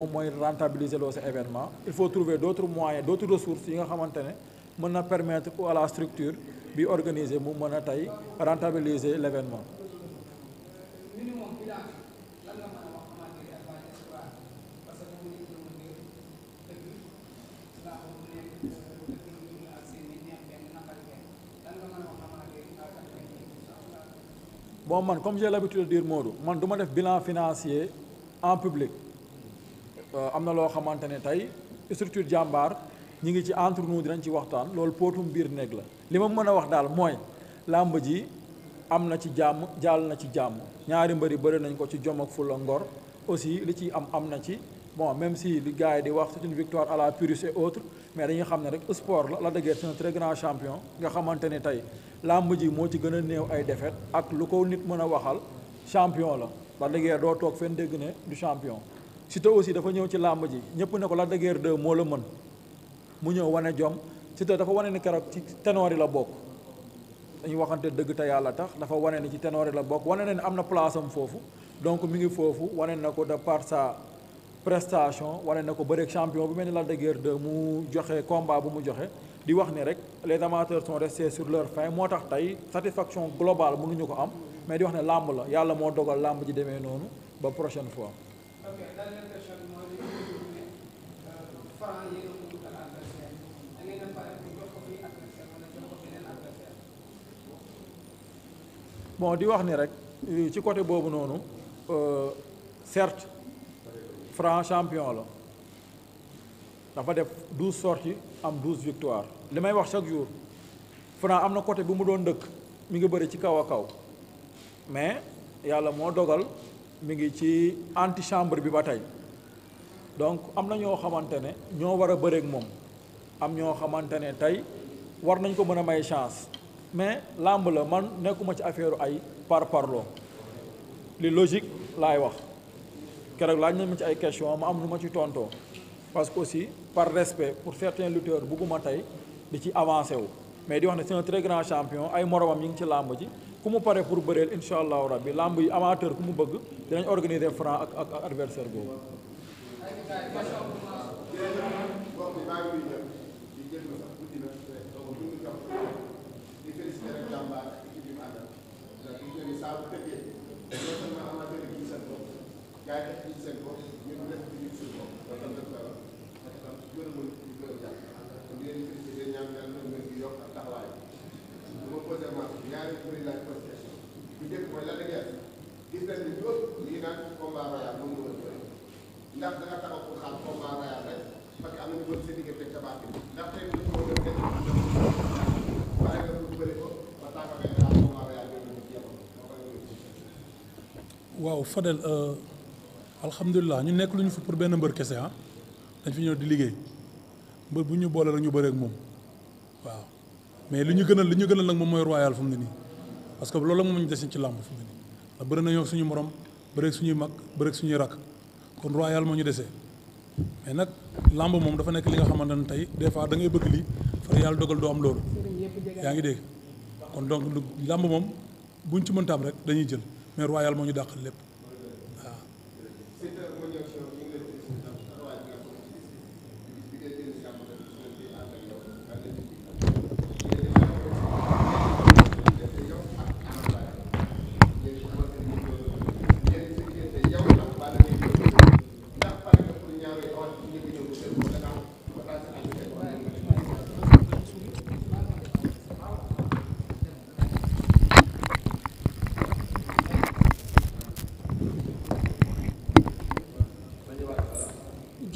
rentabiliser l'événement, il faut trouver d'autres moyens d'autres ressources qui permettent permettre à la structure d'organiser, organiser rentabiliser l'événement. comme j'ai l'habitude de dire je demande un bilan financier en public. Euh, am na loo xamante ne tey structure jàmbaar ñi ngi ci entre nous dinañ ci waxtaan loolu póotum biir néeg la li ma mën a wax daal mooy làmb ji am na ci jàmm jàll na ci jàmm ñaari mbëri bëri nañ ko ci jom ak fulla ngor aussi li ci am am na ci bon même si li gars yi di wax c'est une victoire à la Pyrrhus et autres mais dañuy xam ne rek sport la la dëgër c'est un très grand champion nga xamante ne tey làmb ji moo ci gën a néew ay défaite ak lu ko nit mën a waxal champion la la dëgër doo toog fenn dégg ne champion Siteu aussi dafa ñëw ci làmb ji ñëpp ne ko Lac de moo la mën mu ñëw wane jom Siteu dafa wane ni keroog ci ténor yi la bokk dañu waxante dëgg te yàlla tax dafa wane ni ci ténor yi la bokk wane na ni am na place am foofu donc mi ngi foofu wane na ko de part sa prestation wane na ko bëreeg champion bu mel ni Lac de mu joxe combat bu mu joxe di wax ni rek les amateurs sont restés sur leur fin moo tax tey satisfaction globale mënuñu ko am mais di wax ne làmb la yàlla moo dogal làmb ji demee noonu ba prochaine fois Eh, e bon di wax ni rek eh, ci côté boobu noonu euh, certes Franc champion la dafa def douze sorties am douze victoire li may wax chaque jour Franc am na côté bu mu doon dëkk mu ngi bëri ci kaw a kaw mais yàlla moo dogal mi ngi ci antichambre bi ba tey donc am na ñoo xamante ne ñoo war a bëreeg moom am ñoo xamantene tay war nañ ko mëna may chance mais lamb la man nekuma ci affaireu ay par parlo li logique lay wax keroog lañ ñu ci ay question ma am lu ma ci tonto parce que aussi par respect pour certains lutteurs bugguma tay di ci avancer wu mais di wax na c'est un très grand champion ay moromam yi ngi ci lamb ji ku mu pare pour bëreel incha allahu rabbi lamb yi amateur ku mu bëgg dinañ organiser franc ak ak adversaire boobu. ndax da nga taxaw ñu waaw Fadel euh, alhamdulilah ñu nekk lu ñu fi pour benn mbër kese ah dañ fi ñëw di liggéey mbër bu ñu boole rek ñu bëree ak moom waaw mais li ñu gënal li ñu gënal nag moom mooy royal fu ne nii parce que loolu moom ñu des ci làmp fu nii bëri nañoo suñu morom bëri ak suñuy mag bëri ak suñuy rakk. kon royal moo ñu desee mais nag làmb moom dafa nekk li nga xamante ne tey des fois da ngay bëgg lii far yàlla dogal doo am loolu yaa ngi dégg kon donc làmb moom bu ñu ci mënta am rek dañuy jël mais royal moo ñu dàq lépp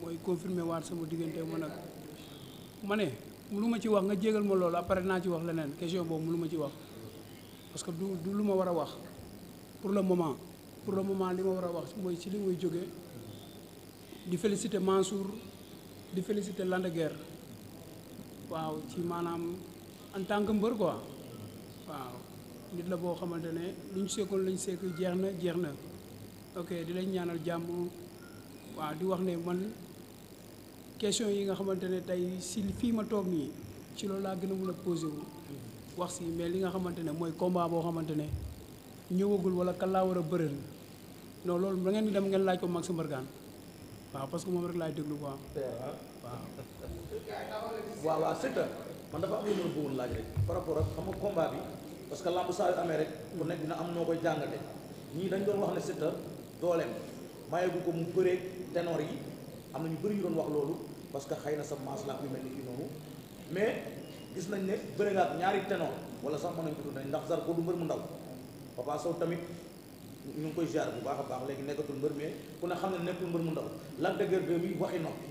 moy confirmer waat sama digënté man ak mané ne lu ma ci wax nga jégal ma lool après na ci wax lenen question bo mënu ma ci wax parce que du du lu ma wax pour le moment pour le moment li ma wax moy ci li muy di féliciter Mansour di féliciter Guerre waaw ci manam en tant que mbeur quoi waaw nit la bo xamantene luñ sekkoon luñ sékk jeex na oké di lañ ñaanal jamm waaw di wax né man question yi nga xamantene tay si fi ma tok ni ci lo la gëna a mun a wu wax si mais li nga xamantene moy combat bo xamantene wala sita, kan laa war a bëreel non loolu ngeen di dem ngeen laaj ko Max mbargan wa parce que mom rek laay deglu quoi. wa wa c'est ça man dafa am lu bu laaj rek par rapport ak xam nga combat bi parce que lamb saa yu rek nekk dina am noo koy jàngate dañ doon wax ne Siteu ko mu ténor yi amna ñu bëri yu doon wax loolu parce que xay na sa maas la ak yu mel ni kii noonu mais gis nañ ne bëre nga ñaari ténor wala sax mën nañ ko tuddee ndax Zarko du mbër mu ndaw Papa Sow tamit ñu ngi koy jaar bu baax a baax léegi nekkatul mbër mais ku ne xam ne nekkul mbër mu ndaw Lac de Guiers 2 mi waxi noppi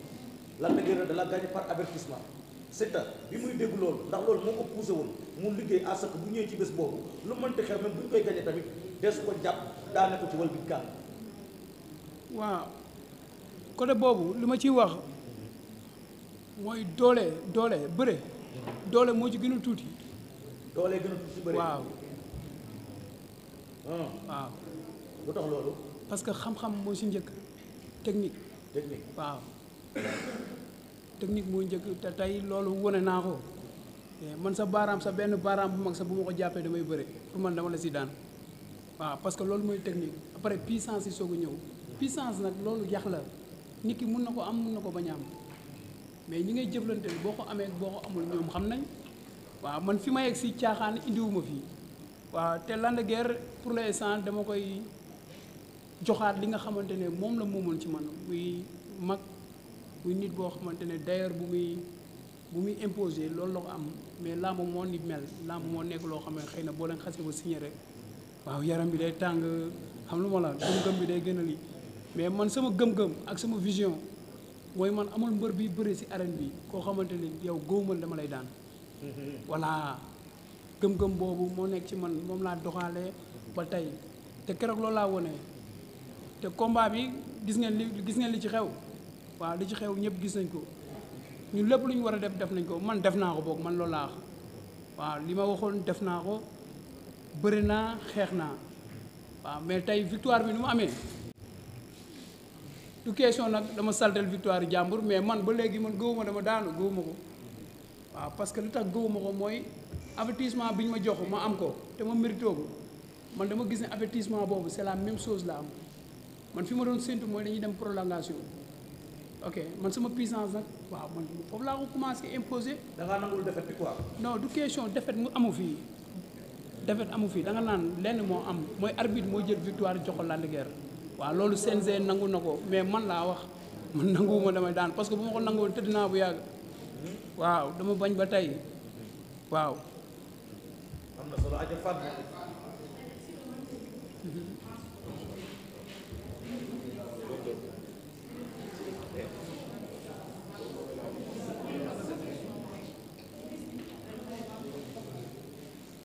Lac de Guiers 2 da la gagné par avertissement Siteu bi muy dégg loolu ndax loolu moo ko poussé woon mu liggéey à ce que bu ñëwee ci bés boobu lu mënti xew même bu ñu koy gagné tamit des ko jàpp daane ko ci wal bi gàll waaw côté boobu li ma ciy wax mooy doole doole bëre. doole moo ci gën tuuti. doole waaw. Ah. waaw. lu tax loolu. parce que xam-xam moo si njëkk technique. technique waaw. technique moo njëkk te tey loolu wone naa ko eh, man sa baaraam sa benn baaraam bu mag sa bu ma ko jàppee damay bëre pour man dama la si daan waaw parce que loolu mooy technique après puissance yi soog ñëw puissance nag loolu yax la nit ki mun na ko am mun na ko bañ a am. mais ñi ngay jëflante boo ko amee boo ko amul ñoom xam nañ waaw man fi ma yegg si caaxaan indiwuma fii waaw te Lac de pour pour l'instant dama koy joxaat li nga xamante ne moom la moomoon ci man muy mag muy nit boo xamante ne d'ailleurs bu muy bu muy imposé loolu la ko am mais làmb moo nit mel làmb moo nekk loo xam ne xëy na boo leen xasee ba signé rek waaw yaram bi day tàng xam lu ma la gëm-gëm bi day gën a lii mais man sama gëm-gëm ak sama vision mooy man amul mbër bi bëri si arène bi koo xamante ni yow góomal dama lay daan voilà gëm-gëm boobu moo nekk ci man moom laa doxalee ba tey te keroog loolu laa wone te combat bi gis ngeen li gis ngeen li ci xew waaw li ci xew ñëpp gis nañ ko ñun lépp lu ñu war a def def nañ ko man def naa ko boog man loolu laa waaw li ma waxoon def naa ko bëri naa xeex naa waa mais tey victoire bi ni mu amee du question nag dama saltel victoire jàmbur mais man ba léegi man gëwuma dama daanu gëwuma ko waaw parce que lu tax gëwuma ko mooy avertissement bi ñu ma jox ma am ko te ma méritoo ko man dama gis ne avertissement boobu c'est la même chose la am man fi ma doon séntu mooy dañuy dem prolongation ok man sama puissance nag waaw man foofu laa ko commencé imposer. da ngaa nangul defet bi quoi. non du question defet mu amu fii defet amu fii da nga naan lenn moo am mooy arbitre moo jël victoire jox ko Lac waaw loolu seen CNG nangu na ko mais man laa wax man nanguwuma damay daan parce que bu ma ko nanguwoon tëdd naa bu yàgg waaw dama bañ ba tey waaw. am